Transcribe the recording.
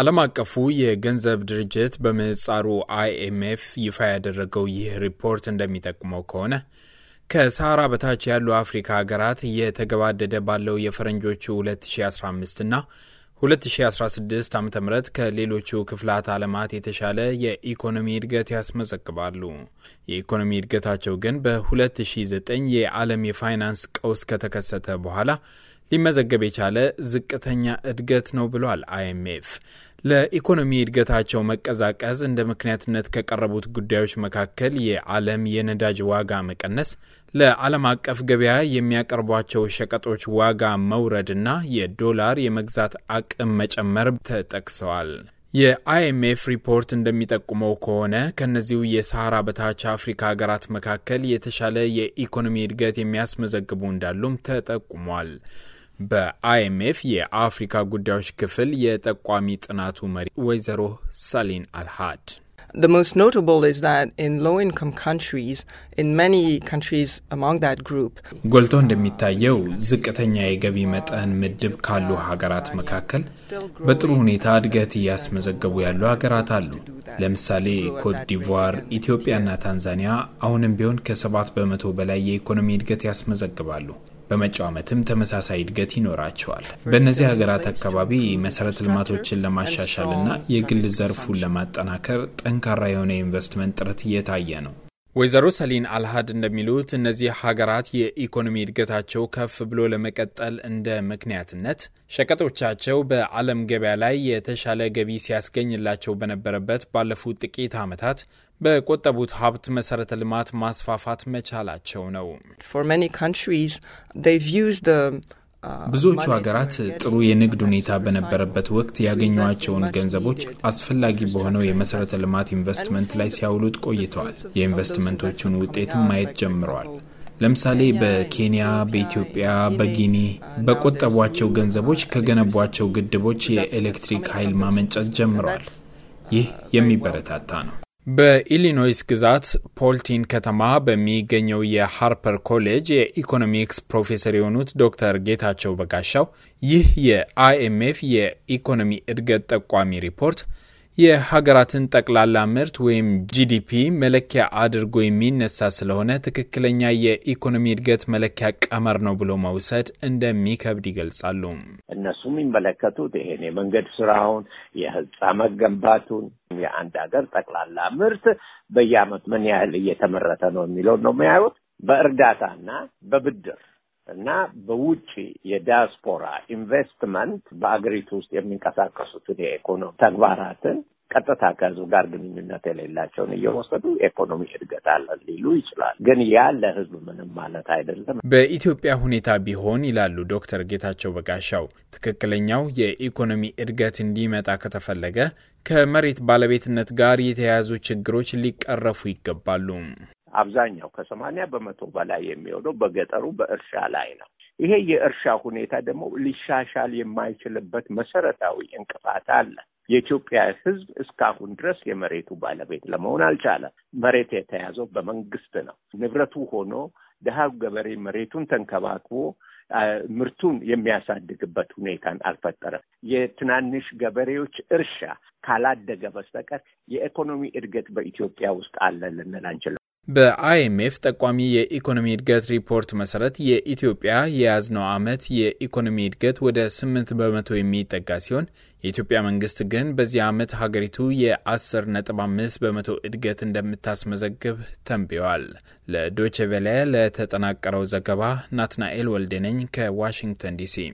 ዓለም አቀፉ የገንዘብ ድርጅት በምህጻሩ አይኤምኤፍ ይፋ ያደረገው ይህ ሪፖርት እንደሚጠቁመው ከሆነ ከሳህራ በታች ያሉ አፍሪካ ሀገራት እየተገባደደ ባለው የፈረንጆቹ 2015 እና 2016 ዓ ም ከሌሎቹ ክፍላት ዓለማት የተሻለ የኢኮኖሚ እድገት ያስመዘግባሉ። የኢኮኖሚ እድገታቸው ግን በ2009 የዓለም የፋይናንስ ቀውስ ከተከሰተ በኋላ ሊመዘገብ የቻለ ዝቅተኛ እድገት ነው ብሏል አይኤምኤፍ። ለኢኮኖሚ እድገታቸው መቀዛቀዝ እንደ ምክንያትነት ከቀረቡት ጉዳዮች መካከል የዓለም የነዳጅ ዋጋ መቀነስ፣ ለዓለም አቀፍ ገበያ የሚያቀርቧቸው ሸቀጦች ዋጋ መውረድና የዶላር የመግዛት አቅም መጨመር ተጠቅሰዋል። የአይኤምኤፍ ሪፖርት እንደሚጠቁመው ከሆነ ከእነዚሁ የሰሃራ በታች አፍሪካ ሀገራት መካከል የተሻለ የኢኮኖሚ እድገት የሚያስመዘግቡ እንዳሉም ተጠቁሟል። በአይኤምኤፍ የአፍሪካ ጉዳዮች ክፍል የጠቋሚ ጥናቱ መሪ ወይዘሮ ሳሊን አልሃድ The most notable is that in low income countries, in many countries among that group, ጎልቶ እንደሚታየው ዝቅተኛ የገቢ መጠን ምድብ ካሉ ሀገራት መካከል በጥሩ ሁኔታ እድገት እያስመዘገቡ ያሉ ሀገራት አሉ። ለምሳሌ ኮት ዲቯር፣ ኢትዮጵያና ታንዛኒያ አሁንም ቢሆን ከሰባት በመቶ በላይ የኢኮኖሚ እድገት ያስመዘግባሉ። ዓመትም ተመሳሳይ እድገት ይኖራቸዋል። በእነዚህ ሀገራት አካባቢ መሰረተ ልማቶችን ለማሻሻል እና የግል ዘርፉን ለማጠናከር ጠንካራ የሆነ የኢንቨስትመንት ጥረት እየታየ ነው። ወይዘሮ ሰሊን አልሃድ እንደሚሉት እነዚህ ሀገራት የኢኮኖሚ እድገታቸው ከፍ ብሎ ለመቀጠል እንደ ምክንያትነት ሸቀጦቻቸው በዓለም ገበያ ላይ የተሻለ ገቢ ሲያስገኝላቸው በነበረበት ባለፉት ጥቂት ዓመታት በቆጠቡት ሀብት መሰረተ ልማት ማስፋፋት መቻላቸው ነው። ብዙዎቹ ሀገራት ጥሩ የንግድ ሁኔታ በነበረበት ወቅት ያገኟቸውን ገንዘቦች አስፈላጊ በሆነው የመሰረተ ልማት ኢንቨስትመንት ላይ ሲያውሉት ቆይተዋል። የኢንቨስትመንቶቹን ውጤትም ማየት ጀምረዋል። ለምሳሌ በኬንያ፣ በኢትዮጵያ፣ በጊኒ በቆጠቧቸው ገንዘቦች ከገነቧቸው ግድቦች የኤሌክትሪክ ኃይል ማመንጨት ጀምረዋል። ይህ የሚበረታታ ነው። በኢሊኖይስ ግዛት ፖልቲን ከተማ በሚገኘው የሃርፐር ኮሌጅ የኢኮኖሚክስ ፕሮፌሰር የሆኑት ዶክተር ጌታቸው በጋሻው ይህ የአይኤምኤፍ የኢኮኖሚ እድገት ጠቋሚ ሪፖርት የሀገራትን ጠቅላላ ምርት ወይም ጂዲፒ መለኪያ አድርጎ የሚነሳ ስለሆነ ትክክለኛ የኢኮኖሚ እድገት መለኪያ ቀመር ነው ብሎ መውሰድ እንደሚከብድ ይገልጻሉ። እነሱ የሚመለከቱት ይሄን የመንገድ ስራውን፣ የህንፃ መገንባቱን፣ የአንድ ሀገር ጠቅላላ ምርት በየአመት ምን ያህል እየተመረተ ነው የሚለውን ነው የሚያዩት በእርዳታና በብድር እና በውጭ የዲያስፖራ ኢንቨስትመንት በአገሪቱ ውስጥ የሚንቀሳቀሱትን የኢኮኖሚ ተግባራትን ቀጥታ ከህዝብ ጋር ግንኙነት የሌላቸውን እየወሰዱ ኢኮኖሚ እድገት አለ ሊሉ ይችላል። ግን ያ ለህዝብ ምንም ማለት አይደለም። በኢትዮጵያ ሁኔታ ቢሆን ይላሉ ዶክተር ጌታቸው በጋሻው፣ ትክክለኛው የኢኮኖሚ እድገት እንዲመጣ ከተፈለገ ከመሬት ባለቤትነት ጋር የተያያዙ ችግሮች ሊቀረፉ ይገባሉ። አብዛኛው ከሰማንያ በመቶ በላይ የሚሆነው በገጠሩ በእርሻ ላይ ነው። ይሄ የእርሻ ሁኔታ ደግሞ ሊሻሻል የማይችልበት መሰረታዊ እንቅፋት አለ። የኢትዮጵያ ሕዝብ እስካሁን ድረስ የመሬቱ ባለቤት ለመሆን አልቻለም። መሬት የተያዘው በመንግስት ነው። ንብረቱ ሆኖ ድሃው ገበሬ መሬቱን ተንከባክቦ ምርቱን የሚያሳድግበት ሁኔታን አልፈጠረም። የትናንሽ ገበሬዎች እርሻ ካላደገ በስተቀር የኢኮኖሚ እድገት በኢትዮጵያ ውስጥ አለ ልንል አንችልም። በአይኤምኤፍ ጠቋሚ የኢኮኖሚ እድገት ሪፖርት መሰረት የኢትዮጵያ የያዝነው ዓመት የኢኮኖሚ እድገት ወደ 8 በመቶ የሚጠጋ ሲሆን የኢትዮጵያ መንግስት ግን በዚህ ዓመት ሀገሪቱ የ 5 በመቶ እድገት እንደምታስመዘግብ ተንብዋል። ለዶቼ ቬለ ለተጠናቀረው ዘገባ ናትናኤል ወልዴነኝ ከዋሽንግተን ዲሲ